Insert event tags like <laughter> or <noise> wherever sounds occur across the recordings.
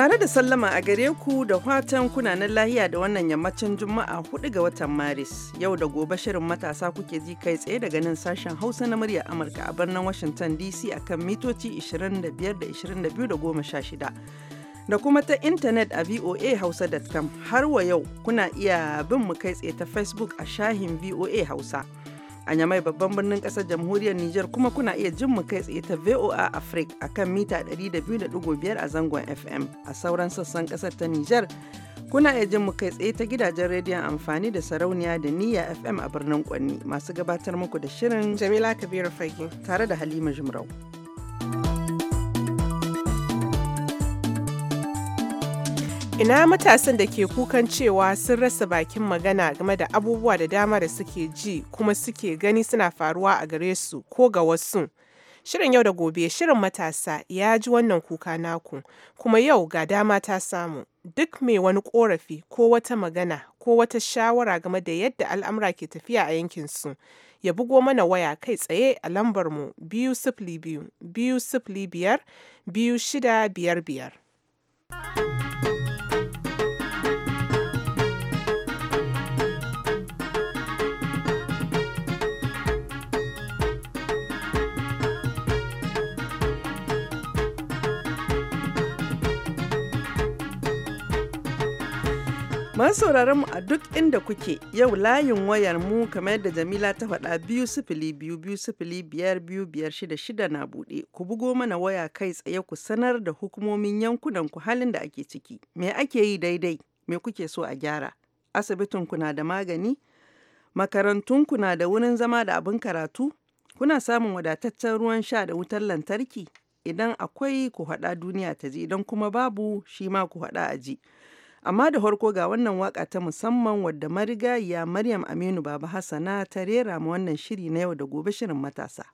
Tare da sallama a gare ku da watan kunanan lahiya da wannan yammacin Juma'a 4 ga watan Maris. Yau da gobe shirin matasa kuke ji kai tsaye daga nan sashen Hausa na muryar Amurka a birnin Washington DC akan mitoci 25 da 22 da 16. Da kuma ta intanet a voa voahausa.com har wa yau kuna iya bin mu kai tsaye ta Facebook a shahin VOA Hausa. a Nyamai babban birnin ƙasar jamhuriyar Nijar kuma kuna iya jin mu kai tsaye ta VOA Africa akan mita 200.5 a zangon FM a sauran sassan ƙasar ta Nijar kuna iya jin mu kai tsaye ta gidajen rediyon amfani da sarauniya da niyya FM a birnin Kwanni masu gabatar muku da shirin Jamila Kabiru Fage tare da Halima Jumrau. ina matasan da ke kukan cewa sun rasa bakin magana game da abubuwa da dama da suke ji kuma suke gani suna faruwa a gare su ko ga wasu shirin yau da gobe shirin matasa ya ji wannan kuka naku kuma yau ga dama ta samu duk mai wani korafi ko wata magana ko wata shawara game da yadda al'amura ke tafiya a yankinsu ya bugo mana waya kai tsaye a lambarmu mu biyu sifili biyu biyu sifili biyar biyu shida biyar biyar. Masu sauraron mu a duk inda kuke yau layin wayar mu kamar yadda Jamila ta faɗa biyu sifili biyu biyu sifili biyar biyu biyar shida shida na buɗe ku bugo mana waya kai tsaye ku sanar da hukumomin yankunan ku halin da ake ciki me ake yi daidai me kuke so a gyara asibitin na da magani makarantun na da wurin zama da abin karatu kuna samun wadataccen ruwan sha da wutar lantarki idan akwai ku haɗa duniya ta ji idan kuma babu shi ma ku haɗa a ji. Amma da harko ga wannan waka ta musamman wadda marigayya Maryam Aminu Baba Hassana ta rera ma wannan shiri na yau da gobe shirin matasa.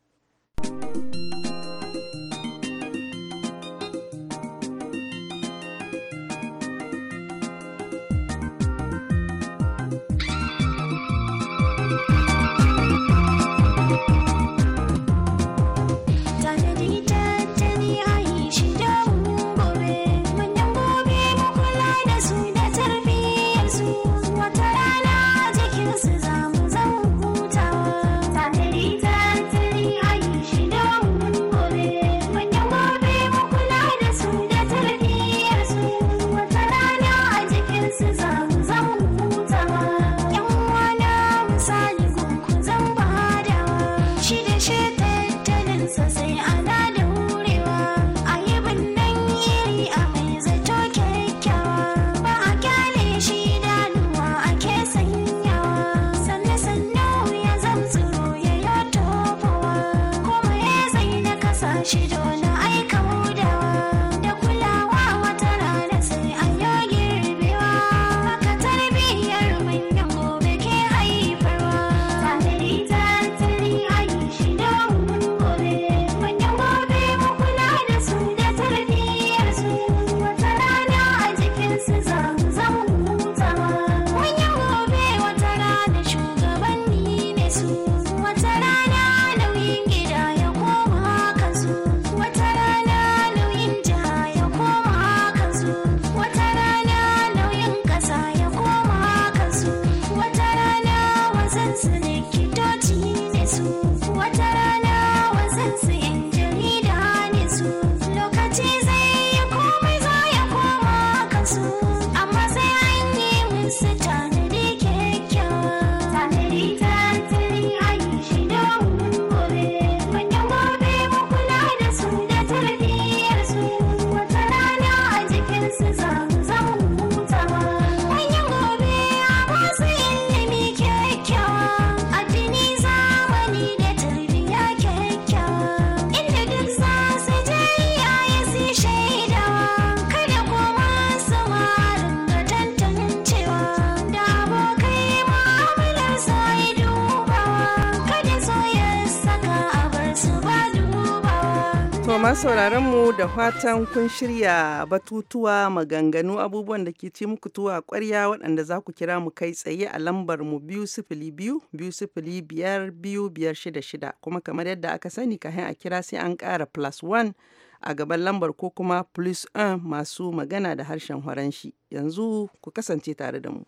sauraron mu da fatan kun shirya batutuwa maganganu abubuwan da ke ci muku tuwa kwarya waɗanda za ku kira mu kai tsaye a lambar mu biyu sifili biyu biyu sifili biyar biyu biyar shida shida kuma kamar yadda aka sani kahin a kira sai an ƙara plus one a gaban lambar ko kuma plus 1 masu magana da harshen horanshi yanzu ku kasance tare da mu.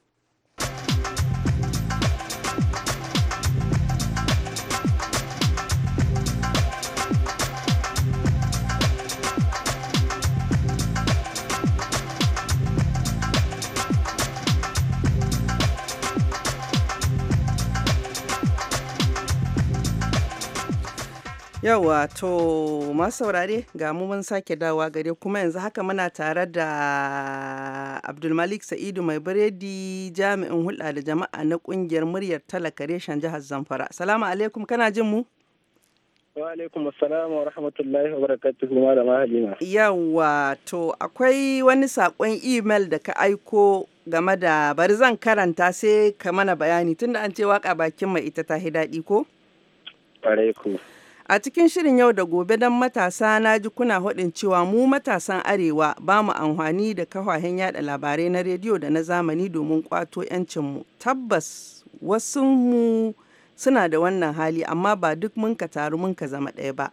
Yawa to masu saurare ga mu mun sake dawa gare kuma yanzu haka muna tare da Abdulmalik Sa'idu mai biredi jami'in hulɗa da jama'a na ƙungiyar muryar talaka reshen jihar Zamfara. Salamu alaikum kana jin mu? Wa alaikum assalam wa rahmatullahi wa barakatuhu malama Halima. Yawa to akwai wani saƙon email da ka aiko game da bari zan karanta sai ka mana bayani tunda an ce waka bakin mai ita ta daɗi ko? Ƙwarai A cikin shirin yau da gobe don matasa na ji kuna hudin cewa mu matasan arewa ba mu amfani da kafafen yada labarai na rediyo da na zamani domin kwato 'yancinmu. Tabbas wasu mu suna da wannan hali amma ba duk mun ka taru mun ka zama ɗaya ba.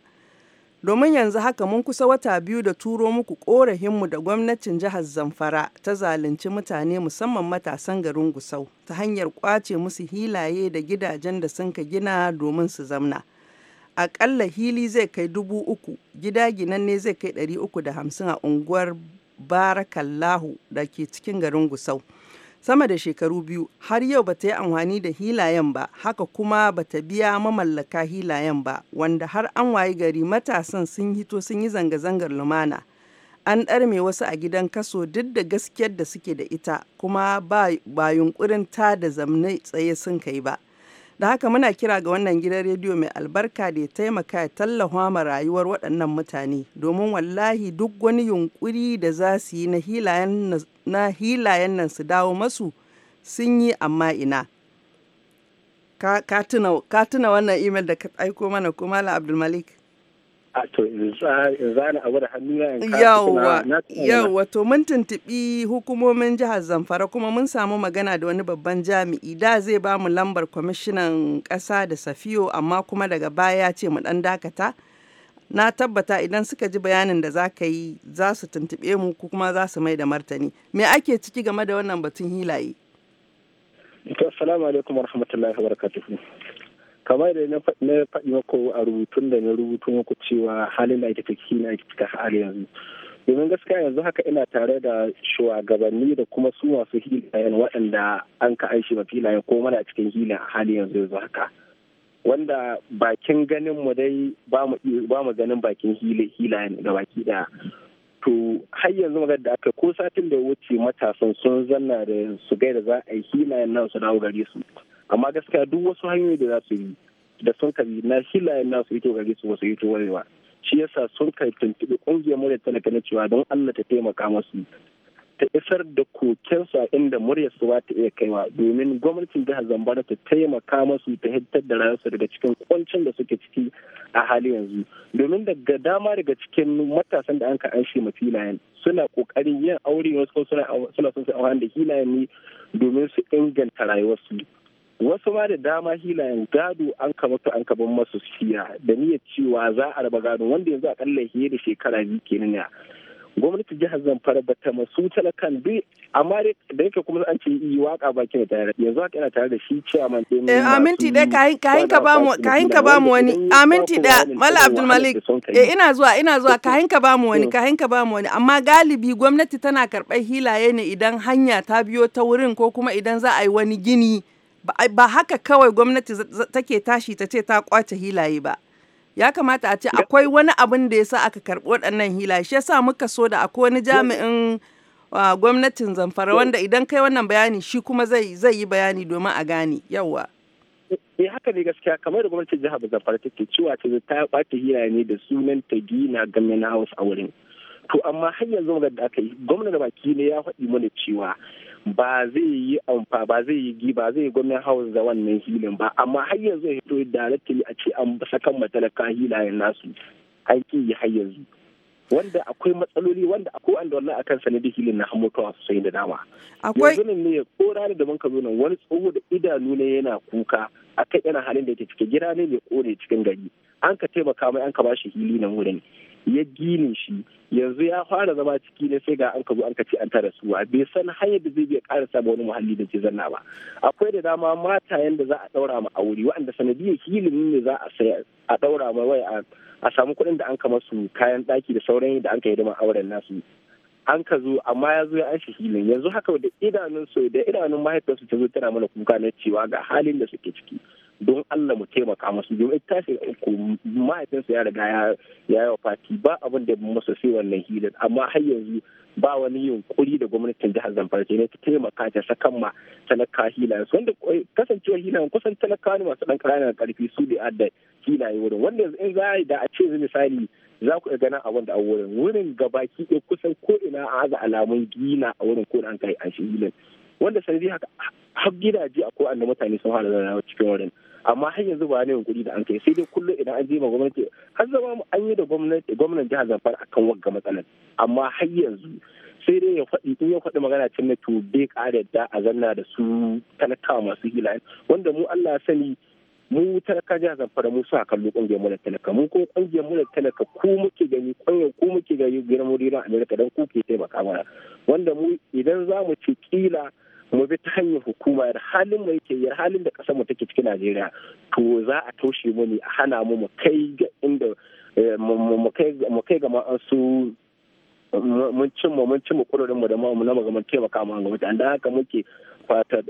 domin yanzu haka mun kusa wata biyu da turo muku korahinmu da gwamnatin jihar zamfara ta zalunci mutane musamman matasan garin gusau ta hanyar kwace musu hilaye da gidajen da sun ka gina domin su zamna akalla hili zai kai dubu uku gida ginanne zai kai ɗari uku da hamsin a unguwar barakallahu da ke cikin garin gusau sama da shekaru biyu har yau ba ta yi amfani da hilayen ba haka kuma ba ta biya mamallaka hilayen ba wanda har an wayi gari matasan sun hito sun yi zanga-zangar lumana an ɗarme wasu a gidan kaso duk da gaskiyar da suke da ita kuma ba yunkurin ta da zamne tsaye sun kai ba Da haka muna kira ga wannan gidan rediyo mai albarka da ya taimaka ya tallafa ma rayuwar waɗannan mutane domin wallahi duk wani yunkuri da za su yi na hilayen nan su dawo masu sun yi amma ina. Ka, tuna wannan imel da ka aiko mana kuma Abdulmalik. to yawwa to mun tuntuɓi hukumomin jihar zamfara kuma mun samu magana da wani babban jami'i da zai ba mu lambar kwamishinan ƙasa da safiyo amma kuma daga baya ya ce mu ɗan dakata na tabbata idan suka ji bayanin da za ka yi za su tuntuɓe mu ko kuma za su mai da martani me ake ciki game da wannan batun hilaye assalamu alaikum warahmatullahi wabarakatuh kamar da na faɗi mako a rubutun da na rubutu maku cewa halin da ake ciki na ake cika har yanzu domin gaskiya yanzu haka ina tare da shugabanni da kuma su masu hilayen waɗanda an ka aishi ba filayen ko mana cikin hilin a halin yanzu yanzu haka wanda bakin ganin mu dai ba mu ganin bakin hilayen da baki da to har yanzu magana da aka ko satin da ya wuce matasan sun zanna da su gaida za a yi hilayen nan su dawo gare su amma gaskiya duk wasu hanyoyi da za su yi da sun ka na hilayen nasu ito gare su wasu ito warewa shi yasa sun ka tuntuɓe ƙungiyar muryar ta na cewa don Allah ta taimaka masu ta isar da kokensu a inda muryar su ba ta iya kaiwa domin gwamnatin jihar Zamfara ta taimaka masu ta hitar da rayuwarsu daga cikin kwancin da suke ciki a hali yanzu domin daga dama daga cikin matasan da an ka anshi ma filayen suna kokarin yin aure wasu suna son su da filayen ne domin su inganta rayuwarsu wasu ma da dama hilayen gado an kamata an kaban masu siya da niyyar cewa za a raba gado wanda yanzu akalla fiye da shekara biyu kenan ya gwamnati jihar zamfara ba ta masu talakan bi amma da yake kuma an ce yi waka bakin da tare yanzu haka yana tare da shi man din eh aminti da kayin ka bamu kayin ka bamu wani aminti da mala abdul malik eh ina zuwa ina zuwa kayin ka bamu wani kayin ka bamu wani amma galibi gwamnati tana karɓar hilaye ne idan hanya ta biyo ta wurin ko kuma idan za a yi wani gini ba haka kawai gwamnati take tashi ta ce ta kwace hilaye ba ya kamata a ce akwai wani abin da ya sa aka karɓi waɗannan hilaye shi yasa muka so da akwai wani jami'in gwamnatin zamfara wanda idan kai wannan bayani shi kuma zai zai yi bayani domin a gane yawa eh haka ne gaskiya kamar da gwamnatin jihar zamfara take cewa ta ta kwace hilaye ne da sunan ta gina gamin house a wurin to amma har yanzu da aka yi gwamnati baki ne ya faɗi mana cewa ba zai yi amfa ba zai yi gi ba zai yi gwamnan house da wannan hilin ba amma har yanzu ya fito directly a ce an sakan matalaka hilayen nasu an ki yi har yanzu wanda akwai matsaloli wanda akwai wanda wallahi akan sanadi hilin na hamutuwa sosai da dama akwai yanzu ne ya kora ne da muka ka zo nan wani tsoho da idanu ne yana kuka akan yana halin da yake cikin gida ne mai kore cikin gari an ka taimaka mai an ka bashi hili na wurin ya ginin shi yanzu ya fara zama ciki ne sai ga an ka zo an ka ce an tara suwa bai san hanyar da zai biya ƙara ba wani muhalli da zai zanna ba akwai da dama mata yanda za a ɗaura ma aure waɗanda sanadiyar hilin ne za a saya a ɗaura ma wai a samu kuɗin da an ka masu kayan ɗaki da sauran da an ka yi auren nasu an ka zo amma ya zo ya an hilin yanzu haka da idanun so da idanun mahaifiyarsu ta zo tana mana kuka na cewa ga halin da suke ciki don Allah mu taimaka masu domin tashi uku mahaifinsu ya riga ya yi wa fati ba abin da masa sai wannan hidan amma har yanzu ba wani yunkuri da gwamnatin jihar Zamfara ke ne ta taimaka ta sakan ma talaka hilayen wanda kasancewar hilayen kusan talaka ne masu dan ƙananan karfi su da adda hilaye wurin wanda in za a yi da a ce misali za ku ganin abin da a wurin wurin gabaki ɗaya kusan ko ina a haza alamun gina a wurin ko an kai an shi hilin wanda sanadi haka har gidaje a da mutane sun hana zana cikin wurin amma har yanzu ba ne yunkuri da an kai sai dai kullum idan an je ma gwamnati har zama an yi da gwamnati gwamnan jihar Zamfara akan wagga matsalar amma har yanzu sai dai ya faɗi in ya faɗi magana cin na to bai ƙara da a zanna da su talakawa masu hila wanda mu Allah sani mu talaka jihar zamfara mu sa kallo kungiyar mu da talaka mu ko kungiyar mu da talaka ku muke gani kungiyar ku muke gani girman a amerika don ku ke taimaka mana wanda mu idan zamu ci kila mu bi ta hanyar hukuma yar halin mai ke yar halin da kasar mu take cikin Najeriya to za a taushe mu ne a hana mu mu kai ga inda eh, mu kai ga ma'an su mun mu mun mu kurorin mu da mu na magaman taimaka mu ga an da haka muke fata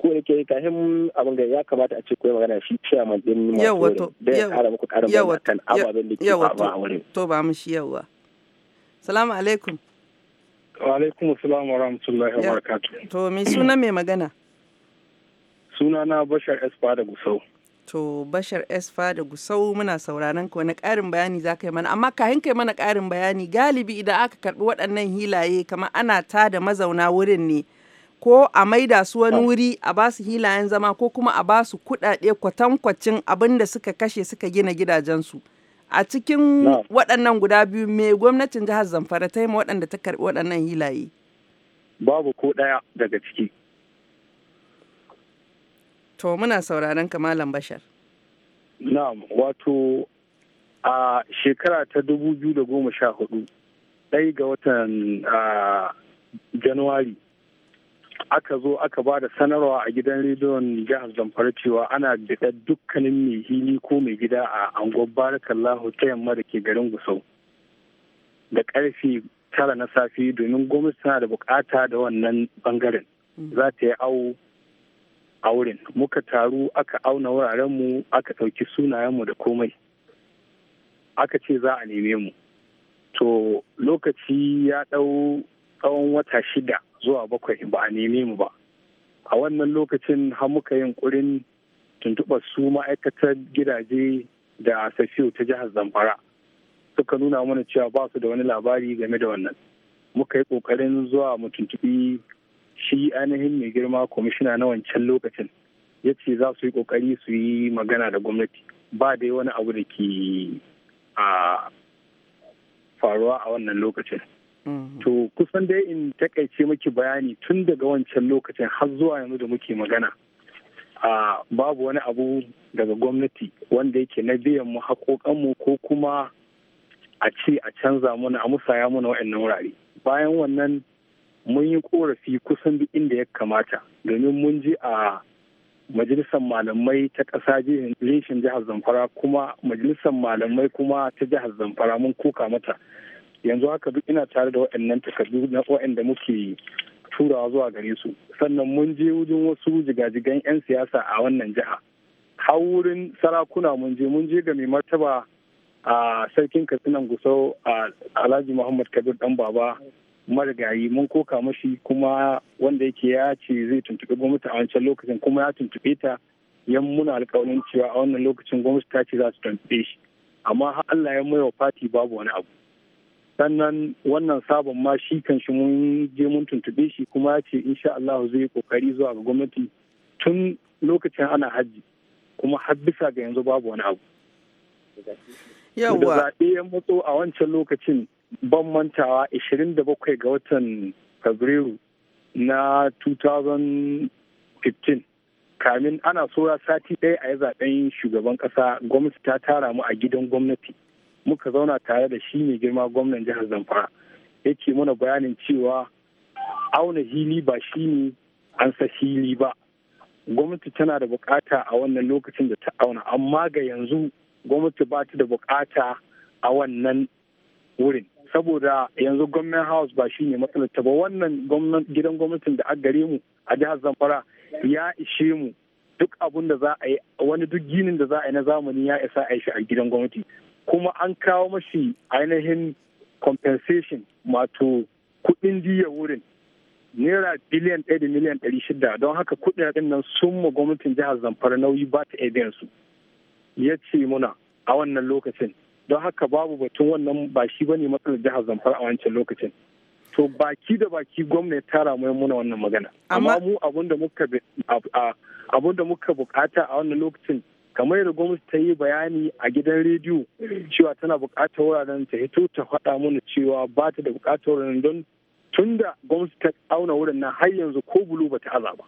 ko da ke kafin abin da ya kamata a ce koyi magana shi chairman din yawa to yawa muku karin bayanan ababen da ke faruwa a wurin to ba mu shi yawa salamu alaikum Wa alaikum salam wa rahmatullahi wa barakatu. To me suna mai magana? Suna na Bashar Esfa da Gusau. To Bashar Esfa da Gusau muna sauraron ka wani ƙarin bayani za ka yi mana amma kahin kai mana ƙarin bayani galibi idan aka karɓi waɗannan hilaye kamar ana ta da mazauna wurin ne. ko a maida su wani ah. wuri a ba su hilayen zama ko kuma a ba su kuɗaɗe kwatankwacin abin da suka kashe suka gina gidajensu. a cikin waɗannan guda biyu mai, gwamnatin jihar zamfara ta yi ma waɗanda ta karɓi waɗannan hilaye babu ko ɗaya daga ciki to muna sauraron kamalan bashar na'am wato a shekara ta dubu biyu da goma sha hudu ɗaya ga watan januwari aka zo aka ba da sanarwa a gidan rediyon jihar zamfara cewa ana daɗa dukkanin mai hili ko mai gida a angon barakallahu ta yamma da ke garin gusau da karfi tara na safe domin gwamnati tana da bukata da wannan bangaren mm. za ta yi au a wurin muka taru aka auna wurarenmu aka ɗauki sunayenmu da komai aka ce za a neme mu to lokaci ya ɗau tsawon wata shida zuwa bakwai ba a neme mu ba a wannan lokacin har muka yin kurin tuntuɓar su ma'aikatar gidaje da safiyo ta jihar zamfara suka nuna mana cewa ba su da wani labari game da wannan muka yi ƙoƙarin zuwa mu tuntuɓi shi ainihin mai girma kwamishina na wancan lokacin ya ce za su yi ƙoƙari su yi magana da gwamnati ba dai wani abu da ke a faruwa a wannan lokacin Mm-hmm. To kusan dai in takaice maki bayani tun daga wancan lokacin har zuwa yanzu da muke magana. a Babu wani abu daga gwamnati wanda yake na biyan mu haƙoƙanmu ko kuma a ce a canza muna a musaya muna waɗannan wurare. Bayan wannan mun yi ƙorafi kusan duk inda ya kamata domin mun ji a majalisar malamai ta ƙasa jihar zamfara kuma majalisar malamai kuma ta jihar zamfara mun koka mata yanzu haka duk ina tare da waɗannan takardu na waɗanda muke turawa zuwa gare su sannan mun je wajen wasu jigajigan 'yan siyasa a wannan jiha har wurin sarakuna mun je mun je ga mai martaba a sarkin katsinan gusau a alhaji muhammad kabir dan baba marigayi mun koka mashi kuma wanda yake ya ce zai tuntuɓi gwamnati a wancan lokacin kuma ya tuntuɓe ta yan muna alƙawarin cewa a wannan lokacin gwamnati ta ce za su tuntuɓe shi amma har allah ya wa fati babu wani abu sannan wannan sabon ma shi kan shi mun je mun tuntuɓe shi kuma ya ce insha Allah zai yi kokari zuwa ga gwamnati tun lokacin ana hajji kuma har bisa ga yanzu babu wani abu. Yawwa. Da zaɓe ya matso a wancan lokacin ban mantawa 27 ga watan Fabrairu na 2015 kamin ana sora sati ɗaya a yi zaɓen shugaban ƙasa gwamnati ta tara mu a gidan gwamnati. muka zauna tare da shi mai girma gwamnan jihar zamfara yake mana bayanin cewa auna hili ba shi ne an sa hili ba gwamnati tana da bukata a wannan lokacin da ta auna amma ga yanzu gwamnati ba ta da bukata a wannan wurin saboda yanzu gwamnan house ba shi ne matsalar ta ba wannan gidan gwamnatin da aka gare mu a jihar zamfara ya ishe mu duk abun da za a yi wani duk ginin da za a yi na zamani ya isa a yi shi a gidan gwamnati kuma an kawo mashi ainihin compensation wato kudin diya wurin naira biliyan ɗaya da miliyan ɗari shida don haka kudin nan sun ma gwamnatin jihar zamfara nauyi ba ta iya su ya ce muna a wannan lokacin don haka babu batun wannan ba shi ba ne matsalar jihar zamfara a wancan lokacin to baki da baki gwamna ya tara mai muna wannan magana amma mu abun da muka bukata a wannan lokacin kamar da gwamnati ta yi bayani a gidan rediyo cewa tana bukatar wuraren ta hito ta faɗa mana cewa ba ta da bukatar wuraren don tun da gwamnati ta auna wurin nan har yanzu ko bulu ba ta aza ba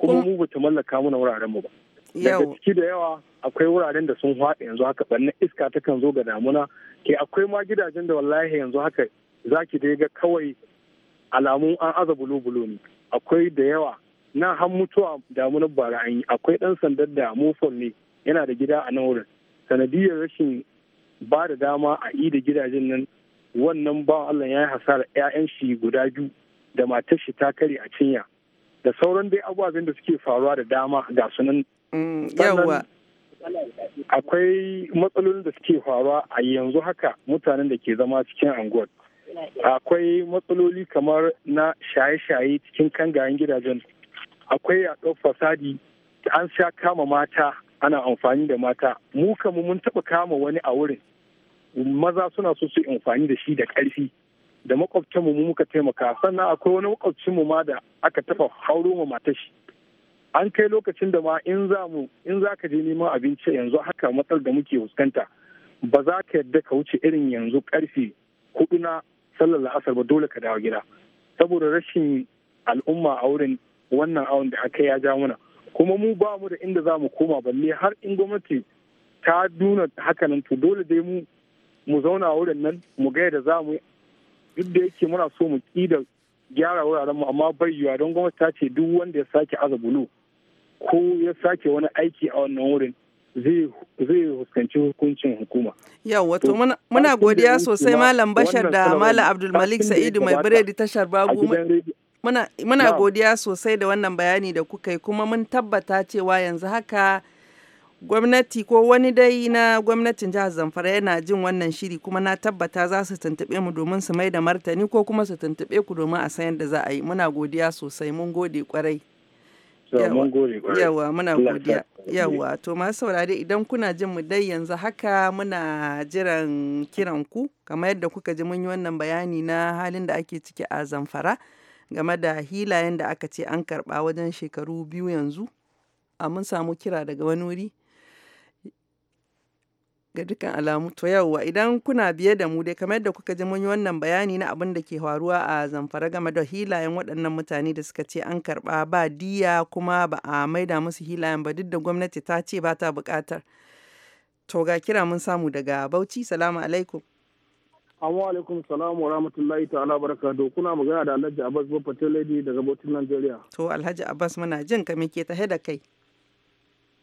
kuma mu ba ta mallaka mana wuraren mu ba daga ciki da yawa akwai wuraren da sun haɗa yanzu haka ɓannan iska ta kan zo ga damuna ke eh, akwai ma gidajen da wallahi yanzu haka zaki dai ga kawai alamun an aza bulu-bulu ne akwai da yawa na han mutuwa damunar bara an yi akwai ɗan sandar da mofon ne yana da gida a nan wurin sanadiyar rashin ba da dama a yi da gidajen nan wannan ba Allah ya yi hasara 'ya'yan shi guda biyu da matar shi ta kare a cinya da sauran dai abubuwan da suke faruwa da dama ga sunan mm, yawa akwai matsalolin da suke faruwa a yanzu haka mutanen da ke zama cikin anguwar akwai matsaloli kamar na shaye-shaye cikin kangayen gidajen akwai yaɗo fasadi an sha kama mata ana amfani da mata mu kamu mun taba kama wani a wurin maza suna so su amfani da shi da ƙarfi da makwabcinmu mu muka taimaka sannan akwai wani makwabcinmu ma da aka taba hauro ma matar shi an kai lokacin da ma in za mu in za ka je neman abinci yanzu haka matsar da muke fuskanta ba za ka yadda ka wuce irin yanzu ƙarfi hudu na sallar la'asar ba dole ka dawo gida saboda rashin al'umma a wurin wannan awon da aka ya ja muna kuma mu ba mu da inda za mu koma balle har in gwamnati ta duna hakanan to dole dai mu mu zauna wurin nan mu ga da za mu duk da yake muna so mu ki da gyara wuraren mu amma bai yiwa don gwamnati ta ce duk wanda ya sake aza ko ya sake wani aiki a wannan wurin zai huskanci hukuncin hukuma. Yawwa to muna godiya sosai Malam Bashar da Malam Abdulmalik Sa'idu mai biredi tashar bagu. Muna, godiya sosai da wannan bayani da kuka yi kuma mun tabbata cewa yanzu haka gwamnati ko wani dai na gwamnatin jihar Zamfara yana jin wannan shiri kuma na tabbata za su tuntuɓe mu domin su mai da martani ko kuma su tuntuɓe ku domin a san yadda za a yi. Muna godiya sosai mun gode kwarai. yawa muna godiya yawa to masu saurare idan kuna jin mu dai yanzu haka muna jiran kiran ku kamar yadda kuka ji mun yi wannan bayani na halin da ake ciki a zamfara game da hilayen da aka ce an karba wajen shekaru biyu yanzu a mun samu kira daga wani wuri ga dukkan alamu to yauwa idan kuna biye da mu dai kamar yadda kuka ji mun wannan bayani na abin da ke faruwa a zamfara game da hilayen waɗannan mutane da suka ce an karba ba diya kuma ba a maida musu hilayen ba duk da gwamnati ta ce ba ta bukatar to ga kira mun samu daga bauchi salamu alaikum Assalamu alaikum salam wa rahmatullahi ta'ala da kuna magana da Alhaji Abbas ta Lady daga Bautin Najeriya. To Alhaji Abbas muna jin ka muke tahe da kai.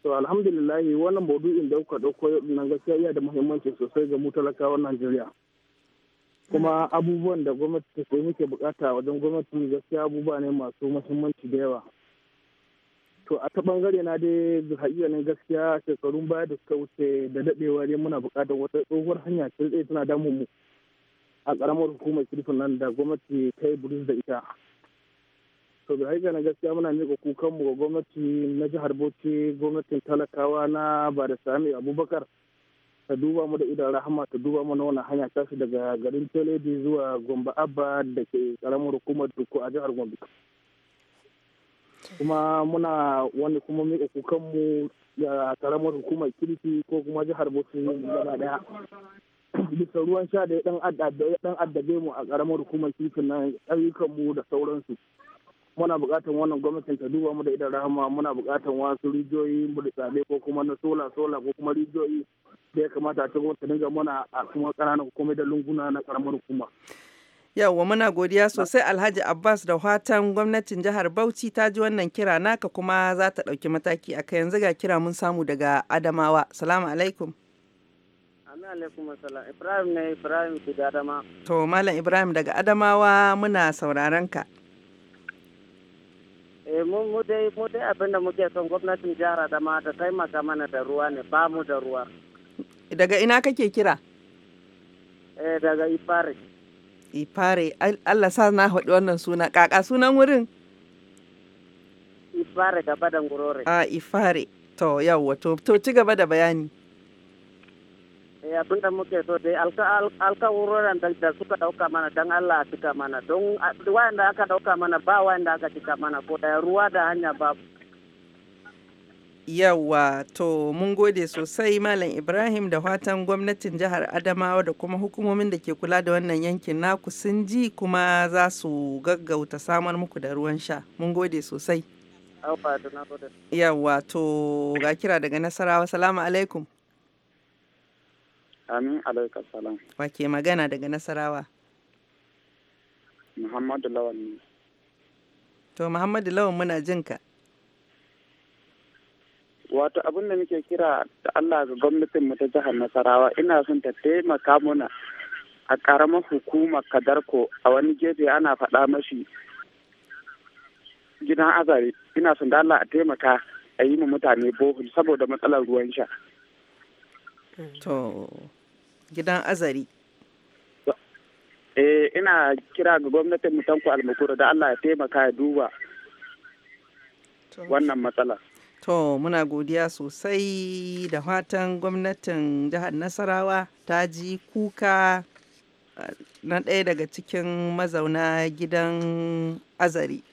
To alhamdulillah wannan maudu'in da kuka dauko yau nan gaskiya yana da muhimmanci sosai ga mu talakawan Najeriya. Kuma abubuwan da gwamnati ta sai muke bukata wajen gwamnati gaskiya abubuwa ne masu muhimmanci da yawa. To a ta bangare na dai ne gaskiya shekarun baya da suka wuce da dadewa ne muna bukatar wata tsohuwar hanya ta eh, tana damun mu. a karamar hukumar kirfin nan da gwamnati ta yi buris da ita to da haika na gaskiya muna miƙa kukan mu ga gwamnati na jihar bauchi gwamnatin talakawa na ba da sami abubakar ta duba mu da idan rahama ta duba mu na wannan hanya tashi daga garin teledi zuwa gombe abba da ke karamar hukumar duku a jihar gombe kuma muna wani kuma miƙa kukan mu ga karamar hukumar kirfi ko kuma jihar bauchi gaba daya bisa ruwan sha da ya dan addabe mu a karamar hukumar titin na ayyukan mu da sauransu muna buƙatar wannan gwamnatin ta duba mu da idan rahama muna buƙatar wasu rijiyoyi burtsale ko kuma na sola sola ko kuma rijiyoyi da ya kamata ta gwamnati dinga mana a kuma ƙananan hukumar da lunguna na karamar hukuma yawwa muna godiya sosai alhaji abbas da watan gwamnatin jihar bauchi ta ji wannan kira naka kuma za ta ɗauki mataki a yanzu ga kira mun samu daga adamawa salamu alaikum Ibrahim ne Ibrahim daga Adama. To Malam Ibrahim daga Adamawa muna sauraron ka. Eh mu mu dai mu dai abin da muke son gwamnatin jihar Adama ta taimaka mana da ruwa ne ba mu da ruwa. Daga ina kake kira? Eh daga Ifare. Ifare Allah sa na haɗu wannan suna kaka sunan wurin. Ifare gaba da ngurore. Ah Ifare. To to to ci gaba da bayani. abin da muke so dai alkawuroran da suka dauka mana don Allah a cika mana don wayan ah, da aka dauka mana ba wayanda aka cika mana ko da ruwa da hanya babu yawa to mun gode sosai malam ibrahim da watan gwamnatin jihar adamawa da kuma hukumomin da ke kula da wannan yankin naku sun ji kuma za su gaggauta samar muku da ruwan sha mun gode sosai yawa to ga kira daga nasarawa salamu alaikum Amin alaikar salam. Wake magana daga Nasarawa. Muhammadu Lawan ne. To Muhammadu Lawan muna jin ka. Wato abin da muke kira da Allah ga gwamnatin mu ta jihar Nasarawa ina son ta taimaka muna a ƙaramar hukumar Kadarko a wani gefe ana faɗa mashi gidan azare ina son da Allah a taimaka a yi mu mutane bohol saboda matsalar ruwan sha. To gidan azari. Eh, ina kira ga gwamnatin mutanku almakura da Allah ya taimaka ya duba wannan matsala. To muna godiya sosai da fatan gwamnatin jihar Nasarawa ta ji kuka na ɗaya daga cikin mazauna gidan azari.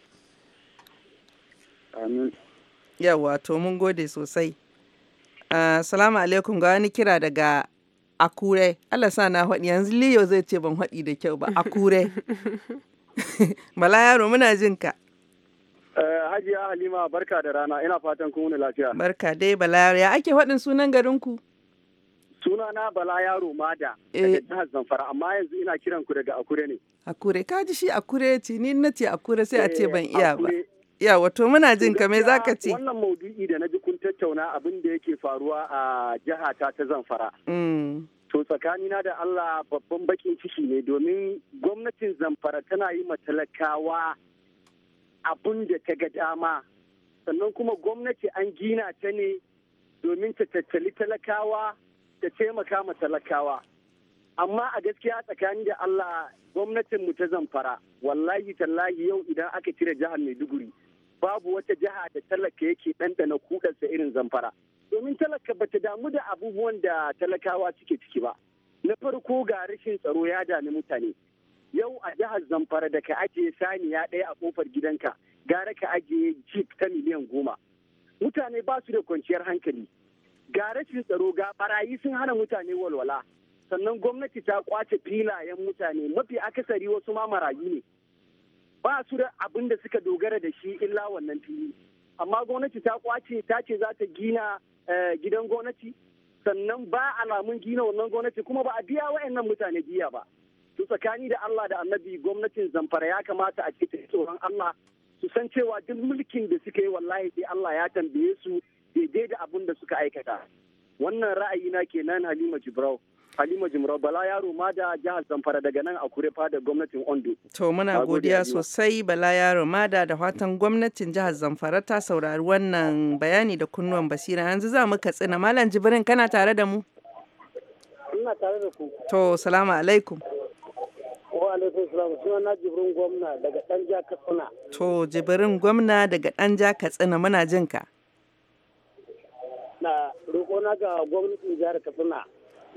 Amin. Yawa to mun gode sosai. Uh, salamu alaikum ga wani kira daga akure Allah sa na haɗi yanzu liyo zai ce ban haɗi da kyau ba akure <laughs> bala yaro muna jin ka eh, Hajiya Halima barka da rana ina fatan kun wani lafiya barka dai bala yaro ya ake haɗin sunan garin ku sunana bala yaro mada eh. daga jihar Zamfara amma yanzu ina kiran ku daga Akure ne Akure ka ji shi Akure ce ni na ce Akure sai a ce eh, ban iya ba Ya wato muna jin ka me zaka ce? Wannan maudu'i da na ji kun tattauna abin da yake faruwa a jihata ta ta Zamfara. Mm. To tsakanina da Allah babban bakin ciki ne domin gwamnatin Zamfara tana yi matalakawa abin da ta ga dama. Sannan kuma gwamnati an gina ta ne domin ta tattali talakawa ta taimaka ma talakawa. amma a gaskiya tsakani da Allah gwamnatinmu ta zamfara wallahi tallahi yau idan aka cire jihar Maiduguri babu wata jiha da talaka yake ɗanɗana kuɗarsa irin zamfara domin talaka ba ta damu da abubuwan da talakawa suke ciki ba na farko ga rashin tsaro ya dami mutane yau a jihar zamfara da ka ajiye saniya ɗaya a kofar gidanka gara ka ajiye jeep ta miliyan goma mutane ba su da kwanciyar hankali ga rashin tsaro ga barayi sun hana mutane walwala sannan gwamnati ta kwace filayen mutane mafi akasari wasu ma marayu ne ba su da abin da suka dogara da shi illa wannan fili amma gwamnati ta kwace ta ce za ta gina eh, gidan gwamnati sannan ba alamun gina wannan gwamnati kuma ba a biya wa'annan mutane biya ba su tsakani da Allah da annabi gwamnatin zamfara ya kamata a ce tsoron Allah su san cewa duk mulkin da suka yi wallahi sai Allah ya tambaye su daidai da abin da suka aikata wannan ra'ayina kenan Halima Jibrau Halima Jimra Bala Yaro ma da jihar Zamfara daga nan a kure fadar gwamnatin Ondo. To muna godiya sosai Bala Yaro ma da da fatan gwamnatin jihar Zamfara ta saurari wannan bayani da kunnuwan basira yanzu za mu katsina Malam Jibrin kana tare da mu? Ina tare da ku. To salamu alaikum. Wa alaikum salam suna na Jibrin gwamna daga Danja Katsina. To Jibrin gwamna daga Danja Katsina muna jinka. Na roƙo na ga gwamnatin jihar Katsina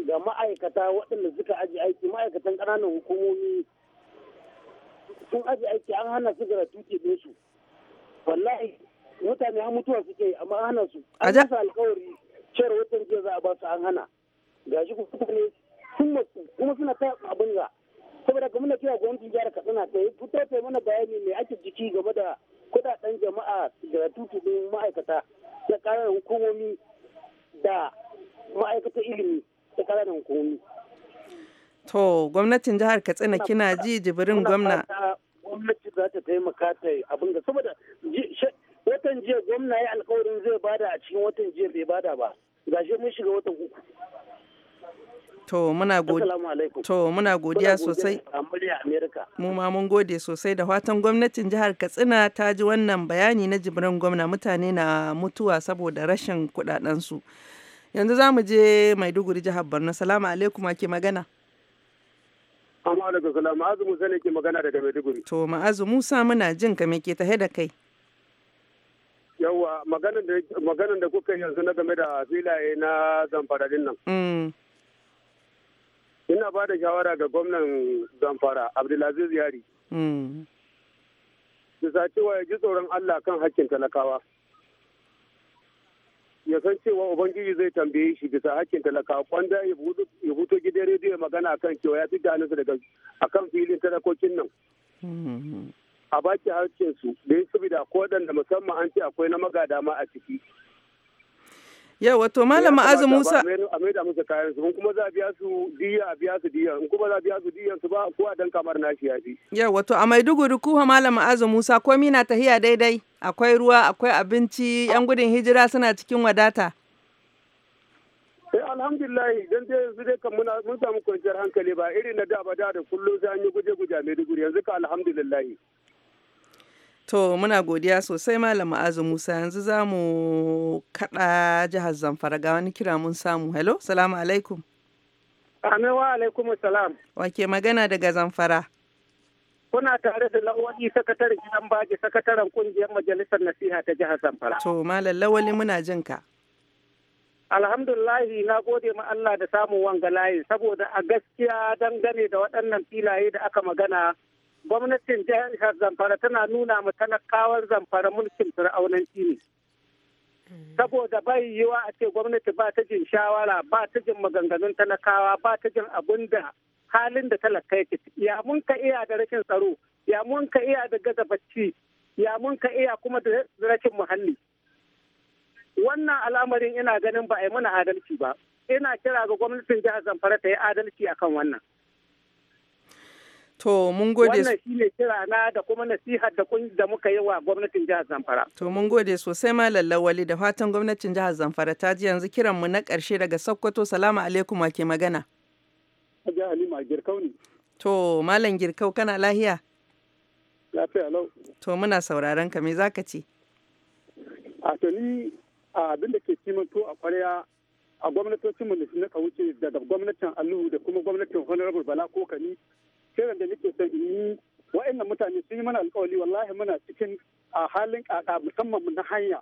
ga ma'aikata waɗanda suka aji aiki ma'aikatan ƙananan hukumomi sun aji aiki an hana su tuke ɗin su wallahi mutane an mutuwa suke amma an hana su an yi alkawari cewar watan jiya za a ba su an hana shi kuma sun masu kuma suna ta abin ga saboda ga muna kira gwamnatin jihar katsina ta yi fito ta mana bayani mai ake jiki game da kudaden jama'a da tutu ɗin ma'aikata da ƙananan hukumomi da ma'aikatan ilimi ta ƙananan To gwamnatin jihar Katsina kina ji jibirin gwamna. Gwamnati za ta taimaka ta yi abin da saboda watan jiya gwamna ya alkawarin zai bada a cikin watan jiya bai bada ba. Gashi mun shiga watan uku. To muna To muna godiya sosai. Mu ma mun gode sosai da watan gwamnatin jihar Katsina ta ji wannan bayani na jibirin gwamna mutane na mutuwa saboda rashin kuɗaɗensu. su. yanzu za mu je maiduguri jihar borno salamu alaikum ake magana Assalamu alaikum Salamu ma'azu musa ne ke magana daga maiduguri to ma'azu musa muna jin ka me ke tahe da kai yawa maganan da kuka yanzu na game da filaye na zamfara din nan mm. ina ba da shawara ga gwamnan zamfara abdulaziz yari mm. bisa cewa ya ji tsoron allah kan hakkin talakawa ya san cewa ubangiji zai tambaye shi bisa hakkin talaka kwanda ya huto gidan rediyo magana akan cewa ya fi hannunsa daga akan filin talakokin nan hmm. a baki harcin su da ya saboda ko da musamman an ce akwai na magada ma a ciki Yau wato Malam Ma'azu Musa. A mai da musu kayan su kuma za a biya su diya a biya su diya in kuma za a biya su diya su ba ko a dan kamar nashi ya fi. Yau wato a Maiduguri kuwa Malam Ma'azu Musa komi na tahiya daidai akwai ruwa akwai abinci yan gudun hijira suna cikin wadata. sai eh, alhamdulillah dan dai yanzu dai kan muna mun samu kwanciyar hankali ba irin na da ba da da kullum sai an yi guje guje a Maiduguri yanzu ka alhamdulillah To muna godiya sosai Malam Ma'azu Musa yanzu za mu kaɗa jihar Zamfara ga wani kira mun samu. Hello, salamu alaikum. Amin wa alaikum salam. Wake magana daga Zamfara. Kuna tare da lawali sakataren gidan baji sakataren kungiyar majalisar nasiha ta jihar Zamfara. To Malam lawali muna jin ka. Alhamdulillahi na gode ma Allah da samun wanga layi saboda a gaskiya dangane da waɗannan filaye da aka magana gwamnatin jihar zamfara tana nuna mu kawar zamfara mulkin fir'aunanci ne saboda bai yiwa a ce gwamnati ba ta jin shawara ba ta jin maganganun talakawa ba ta jin abun da halin da talaka yake ya mun ka iya da rashin tsaro ya mun ka iya da gaza bacci ya mun ka iya kuma da rashin muhalli wannan al'amarin ina ganin ba a yi mana adalci ba ina kira ga gwamnatin jihar zamfara ta yi adalci akan wannan To mun gode. Wannan shi kira na da kuma nasihar da kun da muka yi wa gwamnatin jihar Zamfara. To mun gode sosai Malam Lawali da fatan gwamnatin jihar Zamfara ta ji yanzu kiran mu na ƙarshe daga Sokoto. Salamu alaikum ke magana. Haji Halima Girkau ne. To Malam Girkau kana lahiya? Lafiya lau. To muna sauraron ka me zaka ce? A to ni abin da ke kimanto a kwarya a gwamnatocin mu da wuce daga gwamnatin Aliyu da kuma gwamnatin Honorable Bala Kokani kiran da nake son yi wa'annan mutane sun yi mana alkawari wallahi muna cikin a halin kaka musamman na hanya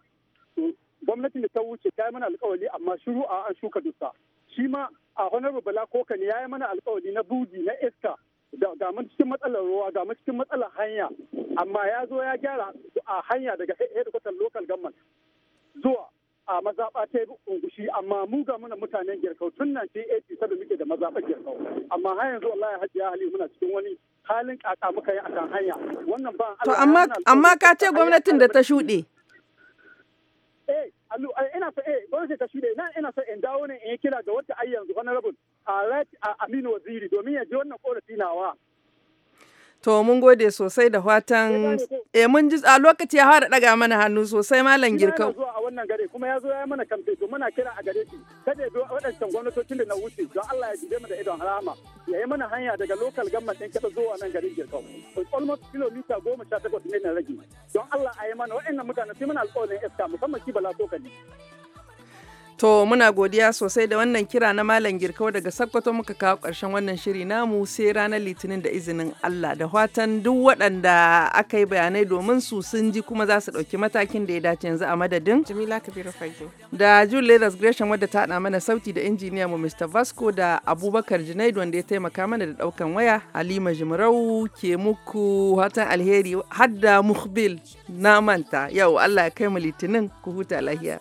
gwamnatin da ta wuce ta yi mana alkawari amma shiru a an shuka dusa shi ma a honorable bala kokani ya yi mana alkawari na buji na iska Da mu cikin matsalar ruwa ga mu cikin matsalar hanya amma ya zo ya gyara a hanya daga headquarter local government zuwa a mazaɓa ta yi ungushi amma mu ga muna mutanen girkau tun 1980 sada muke da mazaɓar girkau amma har yanzu wallahi hajiya hali muna cikin wani halin ƙaƙa muka yi akan hanya wannan ba to amma amma ka ce gwamnatin da ta shuɗe eh allu eh, ina so eh gwamnati ta shuɗe nan ina so in dawo ne in yi kira ga wata ayyanzu honorable a right aminu waziri domin ya ji wannan korafi nawa To mun gode sosai da fatan eh mun ji a lokaci ya fara daga mana hannu sosai malam girkau. zo a wannan gare kuma ya zo ya mana kamfe to muna kira a gare shi kada ya waɗancan gwamnatocin da na wuce don Allah ya jibe mu da idon harama ya yi mana hanya daga local government ɗin kada zuwa nan garin girkau. Almost kilomita goma sha takwas ne na rage don Allah a yi mana waɗannan mutane sai muna alƙawarin iska musamman shi bala ne. To muna godiya sosai da wannan kira na Malam Girkau daga Sokoto muka kawo karshen wannan shiri namu sai ranar Litinin da izinin Allah da fatan duk waɗanda aka yi bayanai domin su sun ji kuma za su ɗauki matakin da ya dace yanzu a madadin. Jamila Kabiru Fage. Da Julie Leathers Gresham wadda ta haɗa mana sauti da injiniya mu Mr. Vasco da Abubakar Junaidu wanda ya taimaka mana da ɗaukan waya Halima Jimarau ke muku hatan alheri hadda Mukbil na manta yau Allah ya kai mu Litinin ku huta lahiya.